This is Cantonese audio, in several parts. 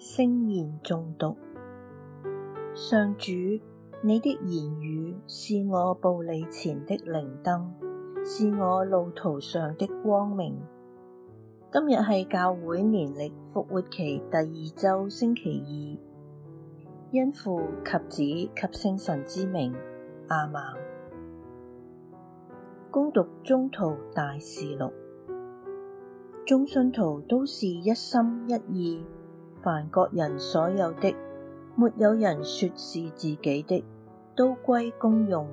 聲言誦讀。上主，你的言語是我步履前的靈燈，是我路途上的光明。今日係教會年曆復活期第二周星期二，因父及子及聖神之名，阿瑪。恭讀宗徒大事錄，眾信徒都是一心一意。凡各人所有的，沒有人說是自己的，都歸公用。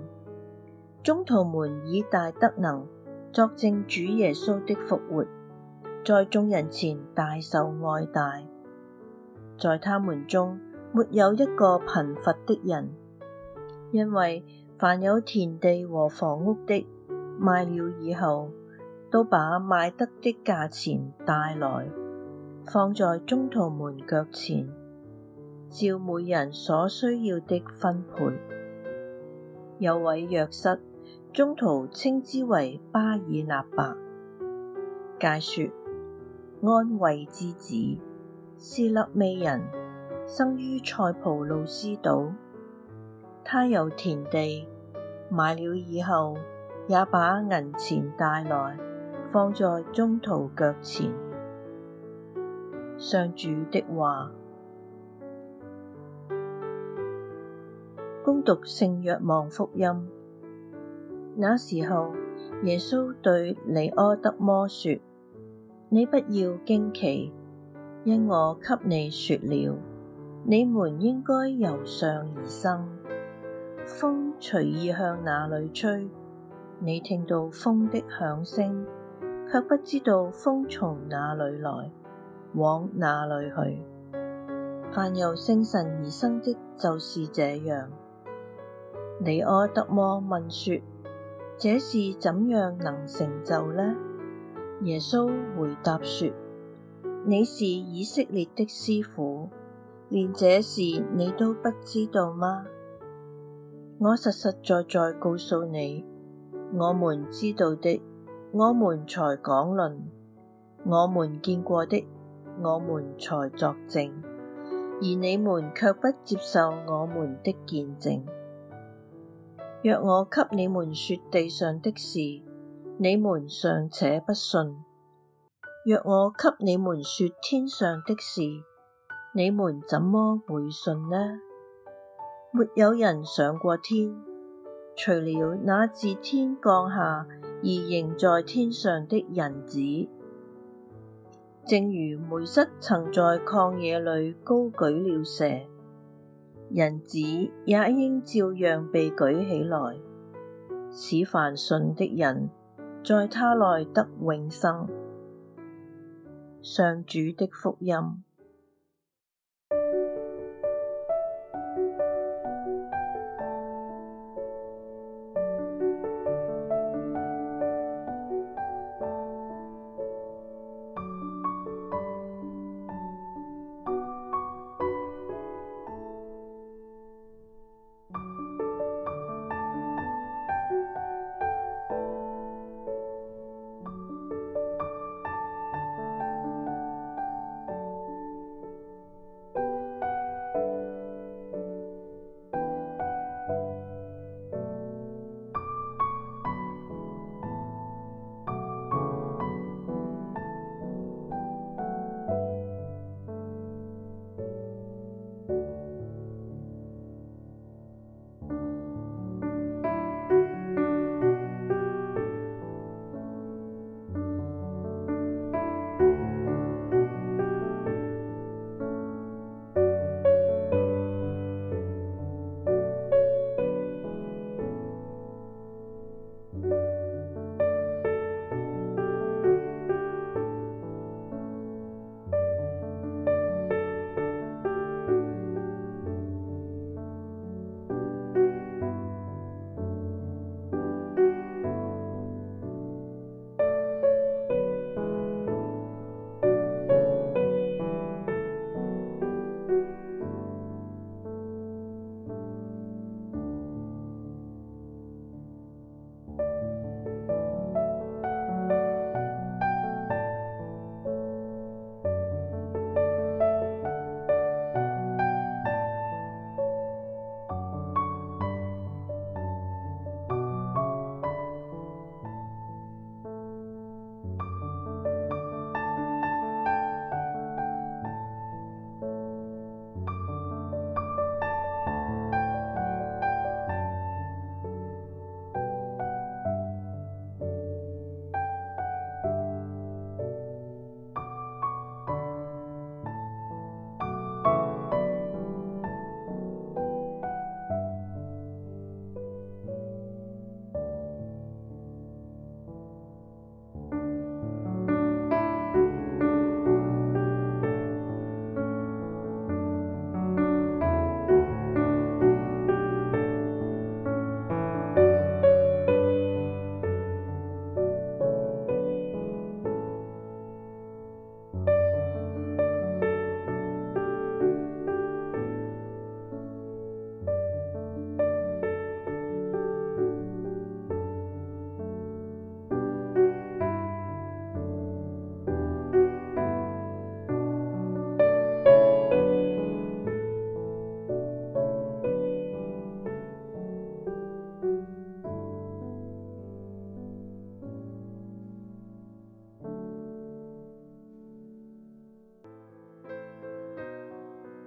宗徒們以大德能作證主耶穌的復活，在眾人前大受愛戴。在他們中沒有一個貧乏的人，因為凡有田地和房屋的，賣了以後，都把賣得的價錢帶來。放在宗徒們腳前，照每人所需要的分配。有位若瑟，宗徒稱之為巴爾納伯，解說安慰之子是肋未人，生於塞浦路斯島。他有田地買了以後，也把銀錢帶來，放在宗徒腳前。上主的話，恭讀聖若望福音。那時候，耶穌對尼苛德摩說：你不要驚奇，因我給你說了，你們應該由上而生。風隨意向哪裏吹，你聽到風的響聲，却不知道風從哪裏來。往哪裏去？凡由聖神而生的，就是這樣。尼苛德摩問說：這事怎樣能成就呢？耶穌回答說：你是以色列的師傅，連這事你都不知道嗎？我實實在在告訴你，我們知道的，我們才講論，我們見過的。我們才作證，而你們却不接受我們的見證。若我給你們說地上的事，你們尚且不信；若我給你們說天上的事，你們怎麼會信呢？沒有人上過天，除了那自天降下而仍在天上的人子。正如梅瑟曾在曠野裏高舉了蛇，人子也應照樣被舉起來，使凡信的人在他內得永生。上主的福音。